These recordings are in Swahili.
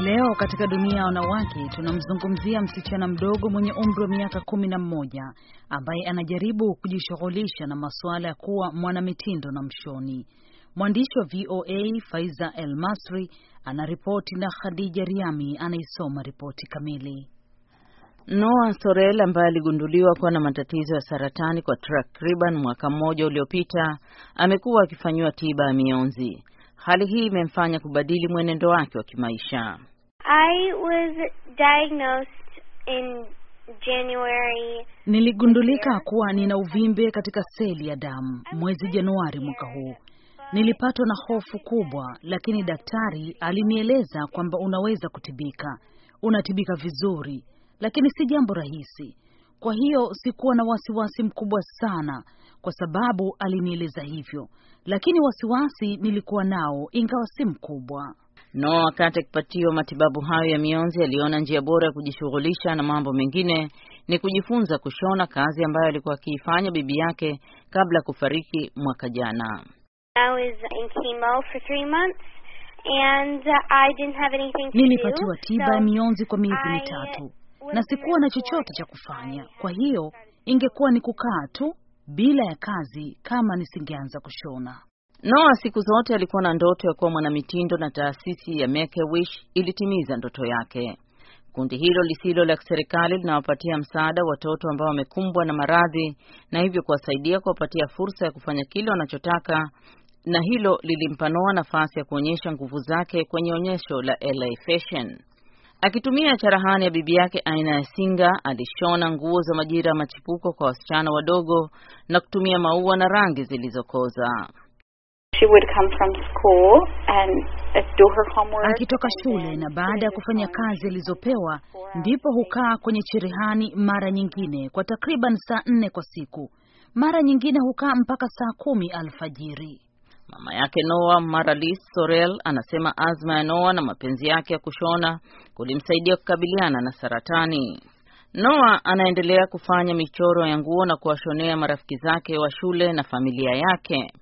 Leo katika dunia ya wanawake tunamzungumzia msichana mdogo mwenye umri wa miaka kumi na mmoja ambaye anajaribu kujishughulisha na masuala ya kuwa mwanamitindo na mshoni. Mwandishi wa VOA Faiza El Masri anaripoti na Khadija Riami anaisoma ripoti kamili. Noa Sorel ambaye aligunduliwa kuwa na matatizo ya saratani kwa takriban mwaka mmoja uliopita amekuwa akifanyiwa tiba ya mionzi. Hali hii imemfanya kubadili mwenendo wake wa kimaisha. I was diagnosed in January. Niligundulika kuwa nina uvimbe katika seli ya damu mwezi Januari mwaka huu. Nilipatwa na hofu kubwa, lakini daktari alinieleza kwamba unaweza kutibika, unatibika vizuri, lakini si jambo rahisi. Kwa hiyo sikuwa na wasiwasi mkubwa sana, kwa sababu alinieleza hivyo, lakini wasiwasi nilikuwa nao, ingawa si mkubwa. Noa wakati akipatiwa matibabu hayo ya mionzi aliona njia bora ya kujishughulisha na mambo mengine ni kujifunza kushona, kazi ambayo alikuwa akiifanya bibi yake kabla ya kufariki mwaka jana. Uh, Nilipatiwa tiba ya mionzi kwa miezi mitatu na sikuwa na chochote cha kufanya, kwa hiyo ingekuwa ni kukaa tu bila ya kazi kama nisingeanza kushona. Noah siku zote alikuwa na ndoto ya kuwa mwanamitindo na taasisi ya Make a Wish ilitimiza ndoto yake. Kundi hilo lisilo la serikali linawapatia msaada watoto ambao wamekumbwa na maradhi na hivyo kuwasaidia kuwapatia fursa ya kufanya kile wanachotaka, na hilo lilimpa nafasi ya kuonyesha nguvu zake kwenye onyesho la LA Fashion. Akitumia charahani ya bibi yake aina ya singa, alishona nguo za majira ya machipuko kwa wasichana wadogo na kutumia maua na rangi zilizokoza she would come from school and uh, do her homework. Akitoka shule na baada ya kufanya kazi alizopewa, ndipo hukaa kwenye cherehani mara nyingine kwa takriban saa nne kwa siku. Mara nyingine hukaa mpaka saa kumi alfajiri. Mama yake Noa Maralis Sorel anasema azma ya Noa na mapenzi yake ya kushona kulimsaidia kukabiliana na saratani. Noa anaendelea kufanya michoro ya nguo na kuwashonea marafiki zake wa shule na familia yake.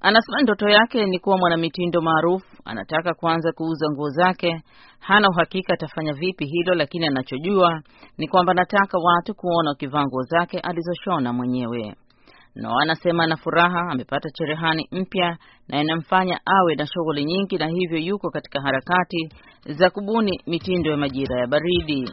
Anasema ndoto yake ni kuwa mwanamitindo maarufu. Anataka kuanza kuuza nguo zake. Hana uhakika atafanya vipi hilo, lakini anachojua ni kwamba anataka watu kuona wakivaa nguo zake alizoshona mwenyewe. Noa anasema ana furaha, amepata cherehani mpya na inamfanya awe na shughuli nyingi, na hivyo yuko katika harakati za kubuni mitindo ya majira ya baridi.